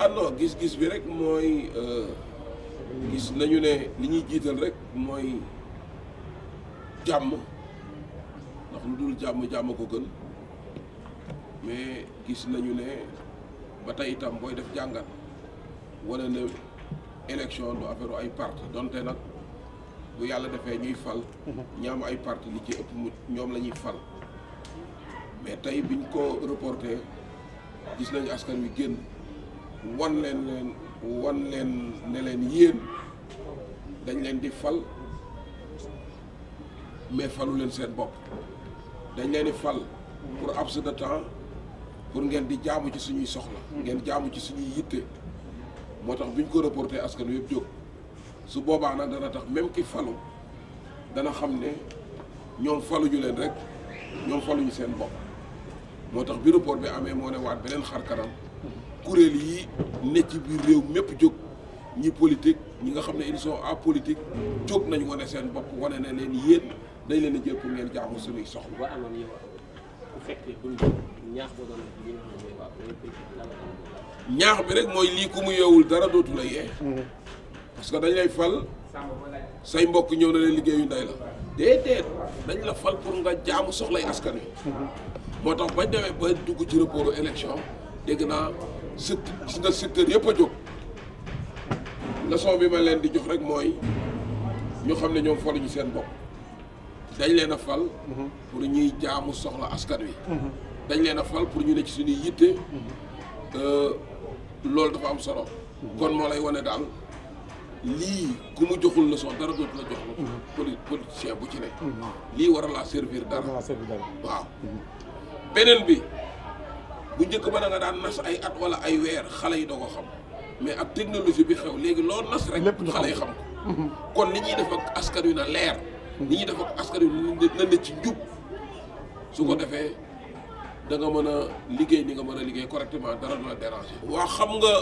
ah gis-gis bi rek mooy euh, gis nañu ne li ñuy jiital rek mooy jàmm ndax lu dul jàmm jàmm ko gën mais gis nañu ne ba tey itam booy def jàngat wane ne élection du affaire ay parti donte nag bu yàlla defee ñuy fal mhm. ñaam ay parti li ci ëpp mu ñoom la ñuy fal mais tey biñ ko reporté gis nañu askan wi génn wan leen leen wan leen ne leen yéen dañ leen di fal mais falu leen seen bopp dañ leen di fal pour abse pour ngeen di jaamu ci suñuy soxla ngeen jaamu ci suñuy yitte moo tax buñ ko reporté askan yëpp jóg su boobaa nag dana tax même ki falu dana xam ne ñoom faluñu leen rek ñoom faluñu seen bopp moo tax bi report bi amee moo ne waat beneen xar kanam kuréel yi nekk ci biir réew mépp jóg ñi politique ñi nga xam ne ils sont apolitique jóg nañu wane seen bopp wane na leen yéen dañ leen a jël pour ngeen jaamu suñuy soxla. boo amoon bu fekkee buñ ñaax boo nga bi rek mooy lii ku mu yeewul dara dootu la yee. Mm-hmm. parce que dañ lay fal. say mbokk ñëw na leen liggéeyu ndey la déedéet dañ fal pour nga jaamu soxlay askan wi mm-hmm. moo tax bañ demee ba dugg ci rapport élection dégg naa sut gis nga secteur yëpp a jóg leçon bi ma leen di jox rek mooy ñu xam ne ñoom ñu seen bopp dañ leen a fal mhm. pour ñuy jaamu soxla askan wi mhm. dañ leen a fal pour ñu ne ci suñuy yitte mhm. euh, loolu dafa am solo kon moo lay wone daal lii ku mu joxul leçon dara dootu la jox la politicien bu ci ne lii war a laa servir dara waaw beneen bi bu njëkk ba na nga daan nas ay at wala ay weer xale yi doo ko xam mais ak technologie bi xew léegi loo nas rek xale yi xam ko kon li ñuy def ak askan wi na leer hmm. li ñuy def ak askan wi na ne ci njub su ko hmm. defee da nga mën a liggéey ni nga mën a liggéey correctement dara du la déranger waa xam nga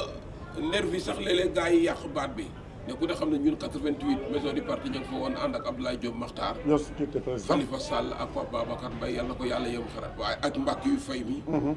nervi sax léeg-léeg gars yi yàq baat bi ne ku ne xam ne ñun 88 maison du parti ñu ngi fa woon ànd ak Abdoulaye Diop Makhtar. Khalifa Sall ak yàlla na ko yàlla waaye ak mbàkk yu y mi hmm.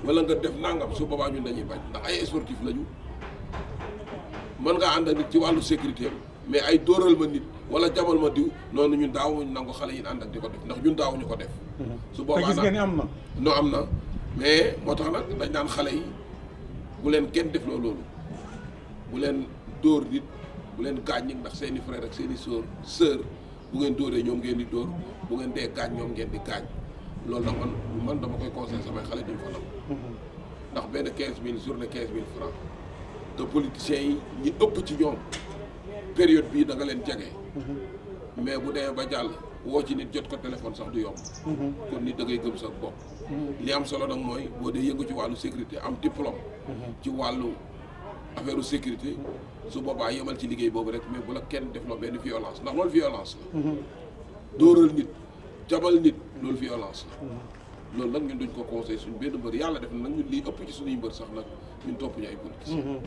wala nga def nangam su boobaa ñun dañuy bañ ndax ay sportif lañu mën ngaa ànd ak nit ci wàllu sécurité mais ay dóoral ma nit wala jamal ma diw noonu ñun daawuñu nangu xale yi ànd ak di ko def ndax ñun daawuñu ko def. Mhm. su boobaa nag gis nga am na. non am na mais moo tax nag dañ naan xale yi bu leen kenn def loolu bu leen dóor nit bu leen gaañ ndax seen i frère ak seen i sœur bu ngeen dóoree ñoom ngeen di dóor bu ngeen dee gaañ ñoom ngeen di gaañ. loolu nag man man dama koy conseillé samay xale duñ fa nam mm-hmm. ndax benn quinze mille journée quinze mille francs te politiciens yi ñi ëpp ci ñoom période bii da nga leen jege. Mm-hmm. mais bu demee ba jàll woo ci nit jot ko téléphone sax du yomb mm-hmm. kon nit da ngay gëm sa bopp li am solo nag mooy boo dee yëngu ci wàllu sécurité am diplôme ci wàllu affaire sécurité su boobaa yemal ci liggéey boobu rek mais bu la kenn def loo benn violence ndax loolu violence la dóoral nit jabal nit lool violence la lool nak ñun duñ ko conseiller suñu benn mbeur yalla def nak ñun li ëpp ci suñu mbeur sax nak ñun top ñay politique